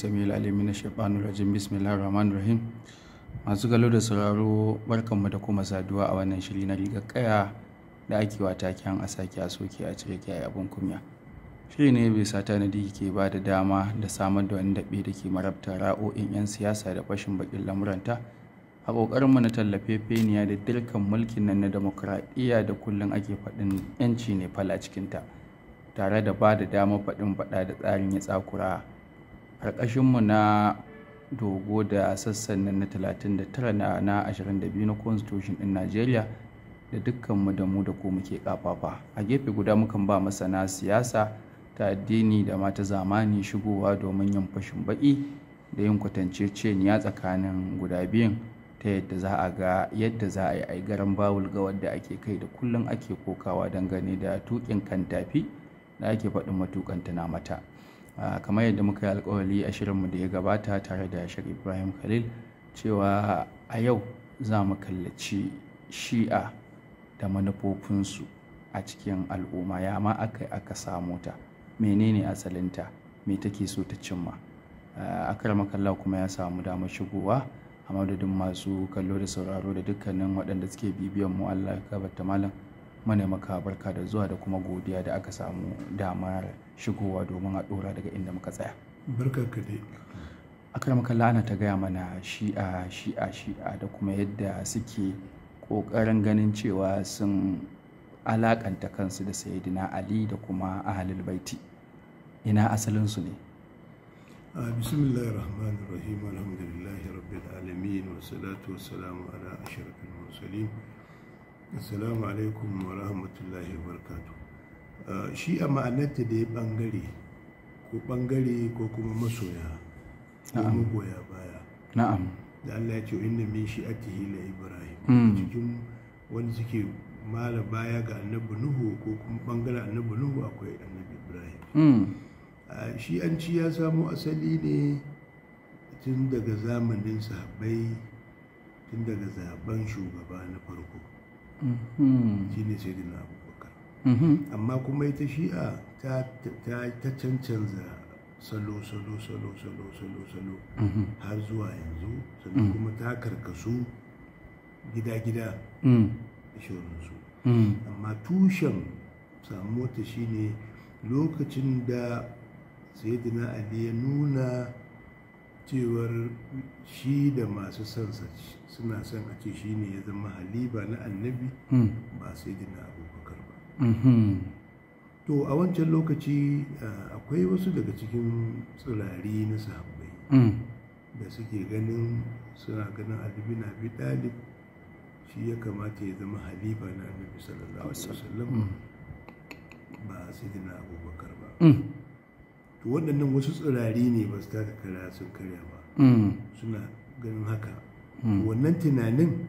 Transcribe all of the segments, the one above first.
sami alimina na shaifanu rajin bismillah rahman rahim masu galo da sauraro barkanmu da kuma saduwa a wannan shiri na riga kaya da ake wa taken a sake a soke a cire kyaye abin kunya shiri ne bai tanadi ke ba da dama da samar da wani daɓe da ke marabta ra'o'in 'yan siyasa da fashin bakin lamuranta a ƙoƙarinmu na tallafe feniya da dirkan mulkin nan na demokuraɗiyya da kullum ake faɗin 'yanci ne fala cikinta tare da ba da damar faɗin faɗa da tsarin ya tsakura ƙarƙashinmu na dogo da sassan na 39 na 22 na constitution ɗin najeriya da dukkanmu da mu da ko muke kafafa a gefe guda mukan ba masana siyasa ta addini da mata zamani shigowa domin yin fashin baki da yin kwatanceceniya tsakanin guda biyun ta yadda za a ga yadda za a yi aigaran bawul ga wadda ake kai da kullum ake kokawa dangane da tuƙin kan tafi da ake faɗin matukanta na mata kamar yadda muka yi alkawali a shirinmu da ya gabata tare da shar ibrahim khalil cewa a yau za mu kallaci shi'a da manufofinsu a cikin al'umma ya ma aka aka samo ta menene asalinta me take so ta cimma akarama kallon kuma ya samu damar shigowa a madadin masu kallo da sauraro da dukkanin waɗanda suke bibiyan mu allah ya gabata malam mana maka barka da zuwa da kuma godiya da aka samu damar shigowa domin a dora daga inda muka tsaya barka ka dai akar makalla ana ta gaya mana shi'a shi'a shi'a da kuma yadda suke ƙoƙarin ganin cewa sun alakanta kansu da sayidina ali da kuma ahalul baiti ina asalinsu ne بسم الله rahim alhamdulillahi rabbil alamin رب salatu والصلاة salamu ala أشرف المرسلين assalamu alaikum wa rahmatullahi wa barakatu ah, shi a ma'anarta da ya bangare ko bangare ko kuma masoya ko magoya baya na'am da Allah ya ce inda min shi'atihi la ibrahim hmm. cikin wani suke mala baya ga annabi nuhu ko kuma bangaren annabi nuhu akwai annabi ibrahim hmm. ah, shi an ci ya samo asali ne tun daga zamanin sahabbai tun daga zaben shugaba na farko shi ne sai na abubakar mm-hmm. amma kuma ita shi'a ta cancanza salo salo salo salo salo salo mm-hmm. har zuwa yanzu sannan mm-hmm. kuma ta karkasu gida-gida mm. shirinsu mm. amma tushen samuwa ta shine lokacin da saidina ali ya nuna cewar shi da masu sansa suna son a ce shi ne ya zama haliba na annabi hmm. ba sai dina abubakar ba mm-hmm. to a wancan lokaci akwai wasu daga cikin tsirari na sahabbai hmm. da suke ganin suna ganin alibi na bi dalib shi ya kamata ya zama haliba na annabi sallallahu alaihi wasallam hmm. ba sai dina abubakar ba to waɗannan wasu tsirari ne ba su taka kara sun karya ba mm. suna ganin haka mm. wannan tunanin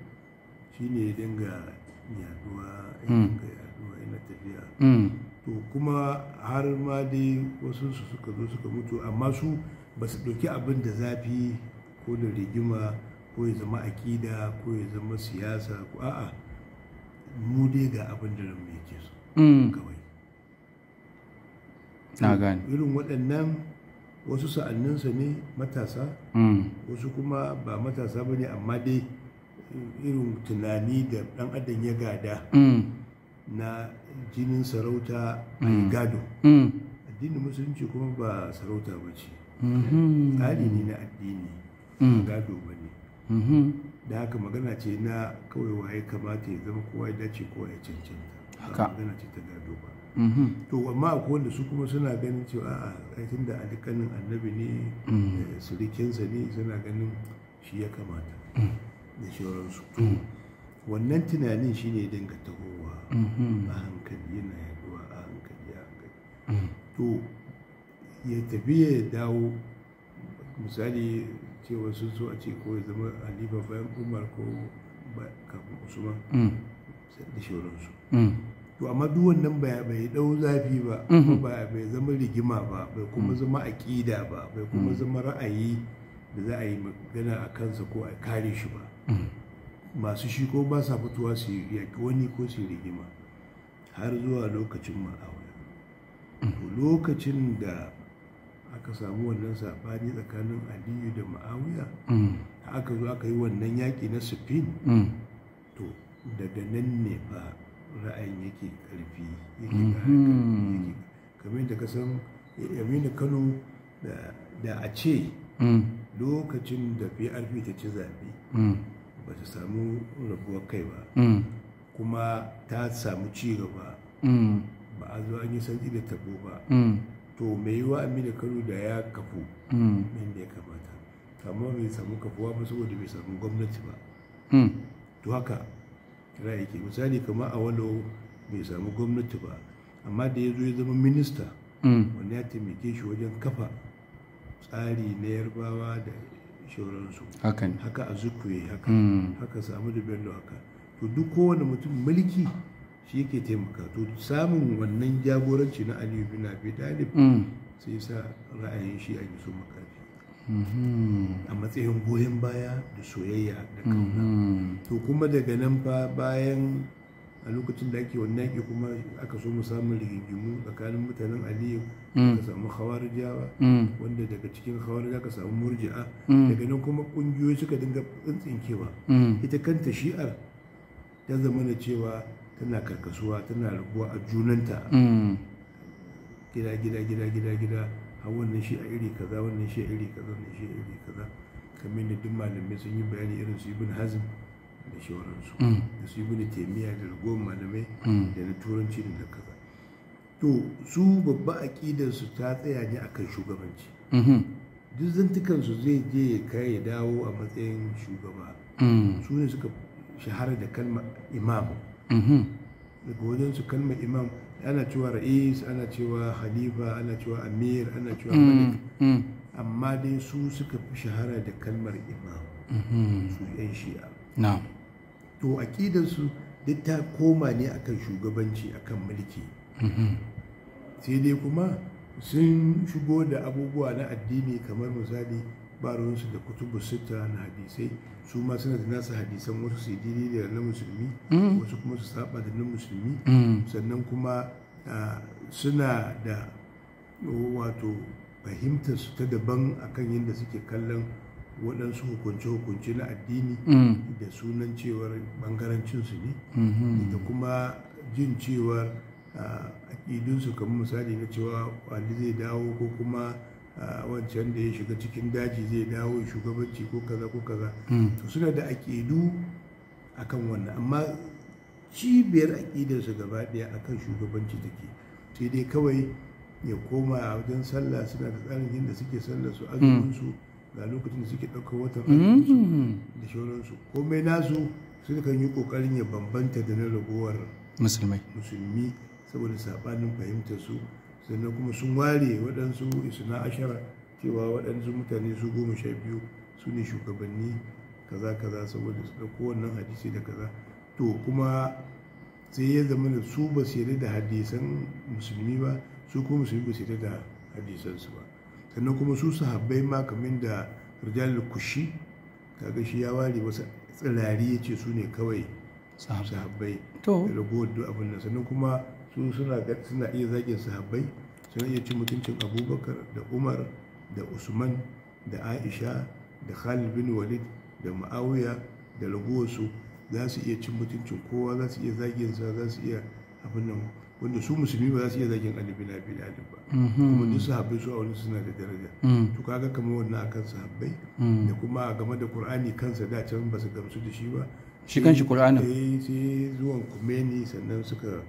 shi ne ya dinga yaduwa ya mm. dinga yaduwa yana tafiya to kuma har ma dai wasu su suka zo suka mutu amma su ba su ɗauki abin da zafi ko da rigima ko ya zama akida ko ya zama siyasa ko a'a mu dai ga abin da ranmu ke so kawai irin waɗannan wasu sa'anninsa ne matasa hmm. wasu kuma ba matasa ba ne amma dai irin tunani da ɗan adam ya gada hmm. na jinin sarauta a hmm. gado addinin musulunci kuma ba sarauta ba ce tsari ne na addini gado ba ne da haka magana ce na kawai waye kamata ya zama kowa ya dace kowa ya cancanta magana ce ta gado ba Mm-hmm. to amma akwai wanda su kuma suna ganin cewa a aikin da alikanin annabi ne mm-hmm. eh, surikinsa ne suna ganin shi ya kamata mm-hmm. da to wannan tunanin shi ne dinga tahowa a hankali yana yaduwa a hankali a hankali to ya tafi ya dawo misali cewa sun so a ce ko ya zama alifa bayan umar ko kafin usman mm. da shawararsu. Mm. to amma duk wannan bai dau zafi mhm. ba bai zama rigima ba bai kuma mm. zama aƙida ba bai kuma mm. zama ra'ayi da za a yi magana a kansa ko a kare shi ba mm. masu shi ko ba sa fitowa su yaƙi wani ko su rigima har zuwa lokacin ma'aure lokacin da aka samu wannan saɓani tsakanin aliyu da ma'awiya aka zo aka yi wannan yaƙi na sufin to daga nan ne ba. ra'ayin yake ƙarfi yake mhm. kamar da ka san yamina kano da a ce mm. lokacin da prp ta ci zafi mm. ba ta samu rabuwar kai ba mm. kuma ta samu ci gaba ba a zo an yi sarki da tabo ba to mai yiwa amina kano da ya kafu inda ya kamata amma bai samu kafuwa ba saboda bai samu gwamnati ba to haka kira ke misali kamar a walau bai samu gwamnati ba amma da ya zo ya zama minista mm. wanda ya taimake shi wajen kafa tsari na yarbawa da shauransu haka a zukuye haka haka mm. samu da bello haka to duk kowane mutum mulki shi yake taimaka to samun wannan jagoranci na aliyu bin abi talib mm. sai sa ra'ayin shi a yi su makarfi a matsayin goyon baya da soyayya da kauna to kuma daga nan fa bayan a lokacin da ake wannan yaki kuma aka so mu samu rigingimu tsakanin mutanen aliyu mm. ka samu jawa. Mm. wanda daga cikin jawa ka samu murji'a mm. daga nan kuma ƙungiyoyi suka dinga tsintsinkewa ita kanta shi'ar ta zama da cewa tana karkasuwa tana rabuwa a junanta gida gida gida gida gida a ah, wannan shi a iri kaza wannan shi a iri kaza wannan shi a iri kaza kamar da duk malamai sun yi bayani irin su ibn hazm da shawararsu mm. da su ibn taimiyya da ragowar malamai mm. da na turanci da na kaza to su babba ƙidansu ta tsaya ne akan shugabanci mm-hmm. duk zantukansu zai je ya kai ya dawo a matsayin shugaba mm. su ne suka shahara da kalmar imam mm-hmm. daga su kalmar imam ana cewa ra'is ana cewa halifa ana cewa amir ana cewa mm, malik mm. amma dai su suka fi shahara da kalmar imam mm-hmm. su yan shi'a to aƙidarsu duk ta koma ne akan shugabanci akan mulki mm-hmm. sai dai kuma sun shigo da abubuwa na addini kamar misali ba da kutubu sita na hadisai su ma suna da nasa hadisan wasu su yi da na musulmi mm. wasu kuma su saba da na musulmi mm. sannan kuma suna da wato fahimtar su ta daban akan yadda suke kallon waɗansu hukunce-hukunce na addini mm. da sunan cewar bangarancinsu ne mm-hmm. da kuma jin cewar a aƙidunsu kamar misali na cewa wani zai dawo ko kuma wancan da ya shiga cikin daji zai dawo shugabanci ko kaza ko kaza hmm. to suna da aƙidu akan wannan amma cibiyar aƙidarsu gaba ɗaya akan shugabanci take sai dai kawai ya koma a wajen sallah suna da tsarin yadda suke sallah su hmm. azuminsu ga lokacin da suke ɗaukar watan hmm. azuminsu da shauransu komai nasu su kan yi ƙoƙarin ya bambanta da na ragowar musulmi saboda saɓanin fahimtar su sannan kuma sun ware waɗansu isna ashara cewa waɗansu mutane su goma sha biyu su ne shugabanni kaza kaza saboda su ɗauko wannan hadisi da kaza to kuma sai ya zama da su ba su yarda da hadisan musulmi ba su kuma musulmi ba su yarda da hadisansu ba sannan kuma su sahabbai ma kamar da rijal kushi kaga shi ya ware wasu tsirari ya ce su ne kawai sahabbai da ragowar abin nan sannan kuma su suna suna iya zagin sahabbai suna iya cin mutuncin abubakar da umar da usman da aisha da khalid bin walid da ma'awiya da raguwarsu za su iya cin mutuncin kowa za su iya zagin sa za su iya abin nan wanda su musulmi ba za su iya zagin alibi na bi alib ba mm-hmm. kuma duk sahabbai su a wani suna da daraja mm. to kaga kamar wannan akan sahabbai mm. da kuma game da qur'ani kansa da can ba su gamsu da shi ba shi kan shi qur'anin sai zuwan kumeni sannan suka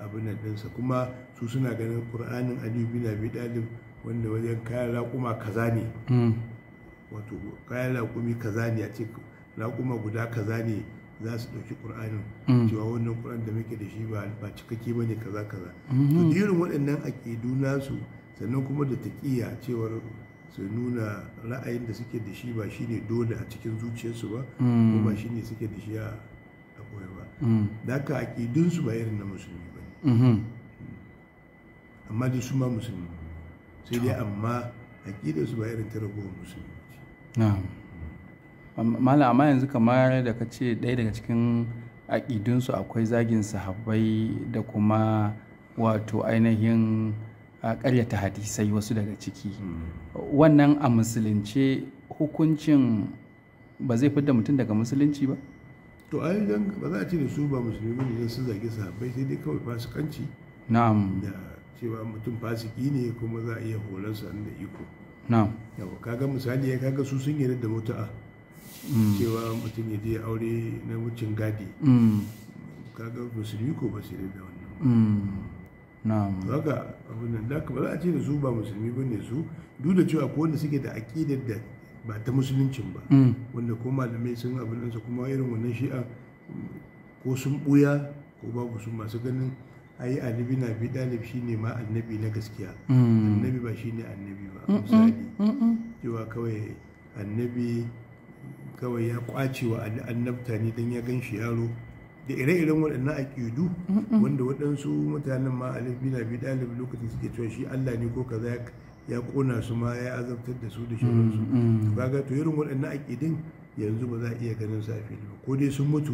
abin nan ɗinsa kuma su suna ganin ƙur'anin aliyu bin abi ɗalib wanda wajen kayan raƙuma kaza ne hmm. wato kayan raƙumi kaza ne a ce laƙuma guda kaza ne za su ɗauki ƙur'anin hmm. cewa wannan ƙur'an da muke da shi ba cikakke ba ne kaza kaza hmm. to irin waɗannan aƙidu nasu sannan kuma da taƙiya cewar su nuna ra'ayin da suke da shi ba shine dole a cikin zuciyarsu ba kuma shine suke da shi a koyarwa da haka aƙidunsu ba irin na musulmi Mhm. amma dai su ma musulmi sai dai amma su ba irin ragowar musulmi na amma yanzu kamar da ka ce ɗaya daga cikin aƙidunsu akwai zagin sahabbai da kuma wato ainihin ƙaryata hadisai wasu daga ciki mm. wannan a musulunce hukuncin ba zai da mutum daga musulunci ba to ai dan ba za a ce da su ba musulmi ne sun zage sahabbai sai dai kawai fasikanci na'am da cewa mutum fasiki ne kuma za a iya horar sa da iko na'am yawa kaga misali ya kaga su sun yarda da mutu'a mm. cewa mutum ya je aure na wucin gadi mm. kaga musulmi ko ba su yarda da wannan mm. na'am haka abin da ba za a ce da su ba musulmi ne su duk da cewa ko wanda suke da aqidar da ba ta musuluncin ba mm. wanda ko malamai sun abin kuma irin wannan shi'a ko sun buya ko babu su masu ganin ayi alibi na bi dalib shine ma annabi na gaskiya mm. annabi ba shine annabi ba misali cewa kawai annabi kawai ya kwace wa annabta ne dan ya gan shi yaro da ire-iren waɗannan aƙidu wanda waɗansu mutanen ma alif na abi dalib lokacin suke cewa shi Allah ne ko kaza ya kona su ma ya azabtar da su da mm, shirinsu ba mm, mm. ga to irin waɗannan aƙidin yanzu ba za a iya ganin su a fili ba ko dai sun mutu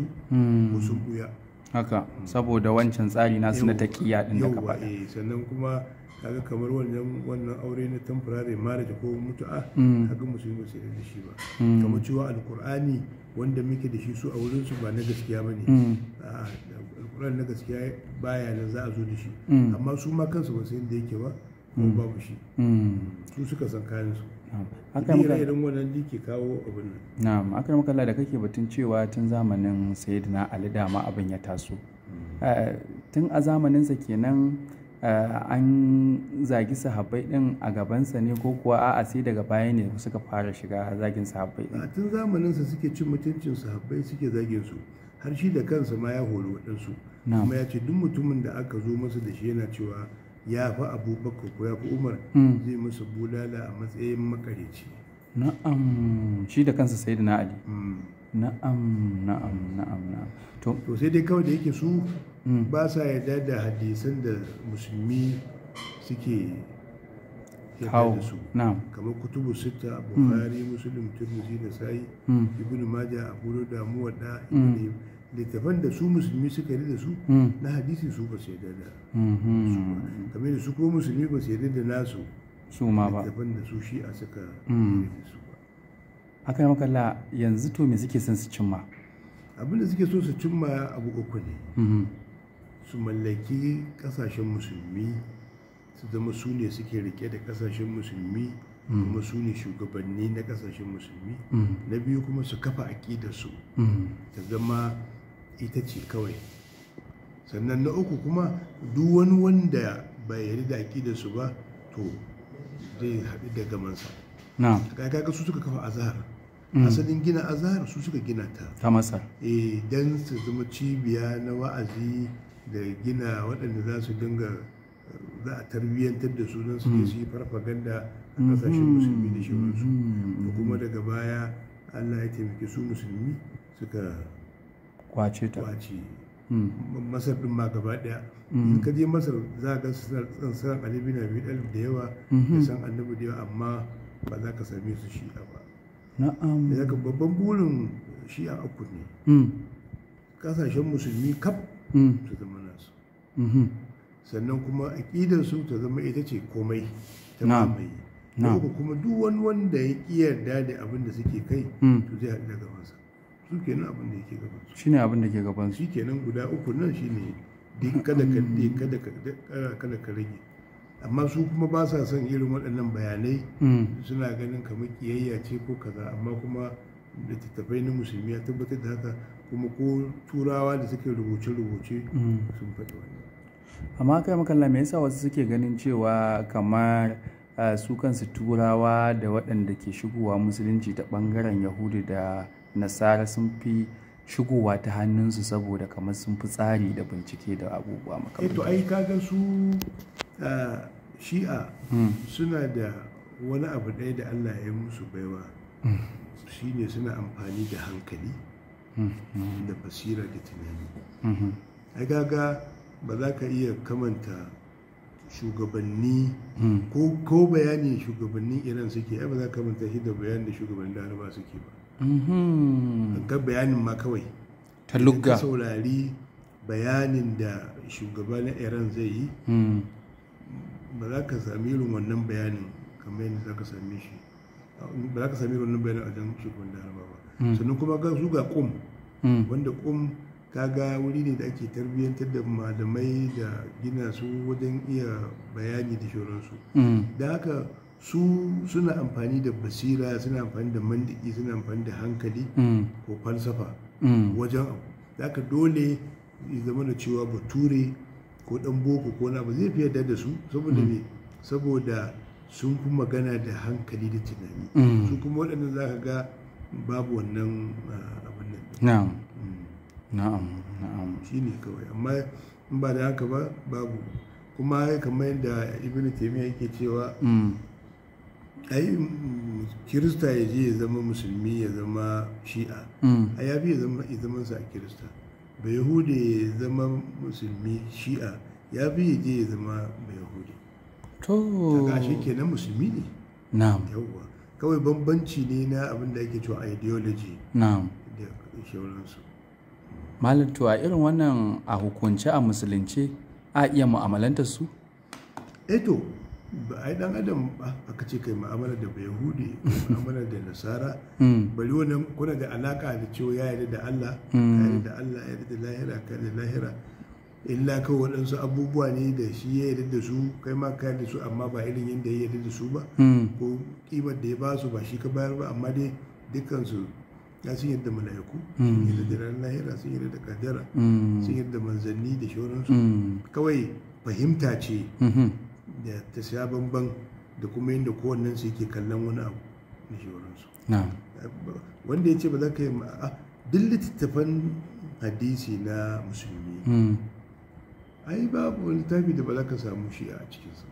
ko sun buya haka saboda wancan tsari suna na kiya din da ka faɗa eh, sannan kuma kaga kamar wannan wannan aure na temporary marriage ko mutu'a kaga musulmi ba su da shi ba kamar cewa alkur'ani wanda muke da shi su a wurin su ba na gaskiya ba ne alkur'ani na gaskiya baya nan za a zo da shi amma su ma kansu ba su yadda yake ba mu mm. babu shi mm. su suka san kayan su irin wannan ke kawo abin nan na'am akai muka da kake batun cewa tun zamanin sayyidina ali dama abin ya taso mm. eh, tun a zamaninsa kenan eh, an zagi sahabbai din a gabansa ne ko kuwa a'a sai daga baya ne suka fara shiga zagin sahabbai din tun zamaninsa suke cin mutuncin sahabbai suke zagin su har shi da kansa ma ya horo waɗansu kuma ya ce duk mutumin da aka zo masa da shi yana cewa ya fi abubakar ko ya fi umar hmm. zai musu bulala a matsayin makareci na'am shi da kansa sai da na'adi ali hmm. na'am na'am na'am na'am to sai dai kawai da yake su hmm. ba sa yadda da hadisan da musulmi suke yadda da su kamar kutubu sita bukari muslim turmuzi da sai ibnu maja abu da muwadda ibnu littafan da su musulmi suka yi da su hmm. na hadisi su ba su yarda da su mm-hmm. kamar da su ko musulmi ba su yarda da nasu su ma ba littafan da su shi a suka su hmm. ba haka yi makalla yanzu to me suke son su cimma abin da suke so su cimma abu uku ne mm-hmm. su mallaki kasashen musulmi su zama su ne suke rike da kasashen musulmi hmm. kuma su ne shugabanni na kasashen musulmi na biyu kuma su kafa aƙidarsu ta zama ita ce kawai sannan na uku kuma duk wani wanda bai yarda da su ba to zai haɗu da gamansa kaga su suka kafa azhar mm. asalin gina azhar su suka gina ta ta masar eh dan su zama cibiya na wa'azi da gina waɗanda za su dinga za a tarbiyyantar da su don su ke mm. su yi farfaganda a mm-hmm. ƙasashen musulmi da shi wanzu. Mm-hmm. kuma daga baya allah ya taimaki su musulmi suka kwace ta kwace masar din ma gaba daya in ka je masar za ka ga san alibi na biyu dalib da yawa da san annabi da yawa amma ba za ka same su shi'a ba na'am da ka babban burin shi'a uku ne kasashen musulmi kaf su zama nasu sannan kuma aƙidar su ta zama ita ce komai ta mamaye kuma duk wani wanda ya ƙi yarda da abin da suke kai to zai haɗu da gabansa su kenan abin da yake gaban su shine abin da ke gaban su kenan guda uku nan shine din kada ka kada ka kada ka rage amma su kuma ba sa son irin waɗannan bayanai hmm. suna ganin kamar kiyayya ce ko kaza amma kuma littattafai na musulmi ya tabbatar da haka kuma ko turawa da suke rubuce-rubuce hmm. sun faɗi wani amma kai makalla me yasa wasu suke ganin cewa kamar ah, su kansu turawa da waɗanda ke shigowa musulunci ta ɓangaren yahudu da nasara sun fi shigowa ta hannunsu saboda kamar sun fi tsari da bincike da abubuwa makamantan eh to ai kaga su shi'a hmm. suna da wani abu ɗaya da allah ya musu baiwa hmm. shi ne suna amfani da hankali hmm. da basira da tunani ai kaga ba za ka iya kamanta shugabanni ko bayanin shugabannin iran suke ai ba za ka kamanta shi da bayanin da shugabannin laraba suke ba Mhm. ga bayanin ma kawai ta lugga saurari bayanin da shugaba na iran zai yi hmm. ba za ka sami irin wannan bayanin kamar yadda za ka sami shi ba za ka sami irin wannan bayanin a jan shugaban da harba ba hmm. sannan kuma ga zuga kum hmm. wanda kum kaga wuri ne da ake tarbiyyantar da malamai da gina su wajen iya bayani da shoransu da haka su suna amfani da basira suna amfani da mandiki suna amfani da hankali mm. ko falsafa mm. wajen abu zaka dole ya zama da cewa bature ko dan boko ko na ba zai fi yarda da su saboda mm. me saboda sun fi magana da hankali da tunani su kuma waɗannan za ka ga babu wannan ah, abin nan na'am na'am shi ne kawai amma in ba da haka ba babu kuma kamar yadda ibn taymiya yake cewa ai kirista ya je ya zama musulmi ya zama shi'a mm. a ya fi ya zama sa kirista ba yahudi ya zama musulmi shi'a ya fi ya je ya zama ba yahudi to ga shi kenan musulmi ne na'am yawwa kawai bambanci ne na abin da ake cewa ideology na'am da shauransu malam to a irin wannan a hukunce a musulunce a iya mu'amalanta su eto eh ba a yi dan adam aka ce kai mu'amala da yahudi mu'amala da nasara bari wannan kuna da alaka da cewa ya yarda da Allah ya yarda da Allah ya yarda da lahira ka da lahira illa kawai waɗansu abubuwa ne da shi ya yarda da su kai ma ka yarda da su amma ba irin yadda ya yarda da su ba ko kimar da ya ba su ba shi ka bayar ba amma dai dukansu ya sun yadda mala'iku sun yadda da ran lahira sun yadda da kadara sun yadda manzanni da shauransu kawai fahimta ce da ta sha bamban da kuma da kowannen su yake kallon wani abu na shawararsu wanda ya ce ba za ka yi ma'a ah, duk littattafan hadisi na musulmi hmm. ai babu wani littafi da ba za ka samu shi a cikinsa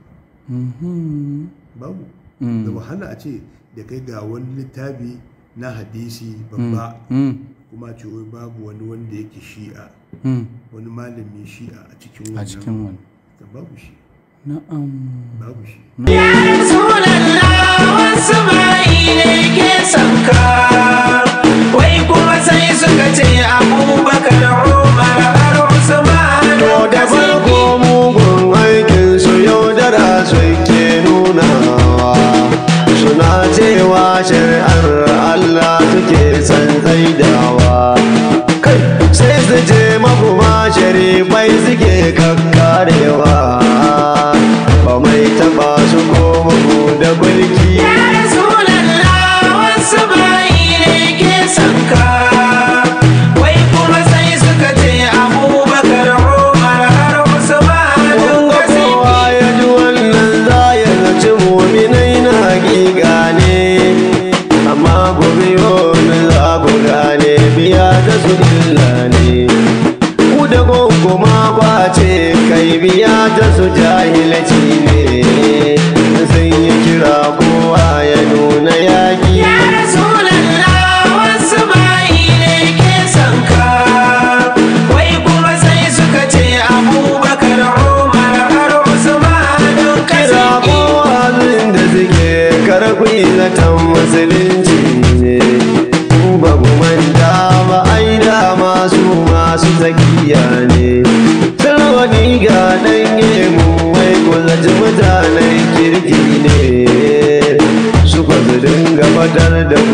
mm-hmm. babu hmm. da wahala a ce da kai ga wani littafi na hadisi hmm. babba kuma ce wai babu wani wanda yake shi'a wani malami shi'a a cikin wani babu shi Na'am. Babu shi. Ya wasu bayi ne ke sanka. watar da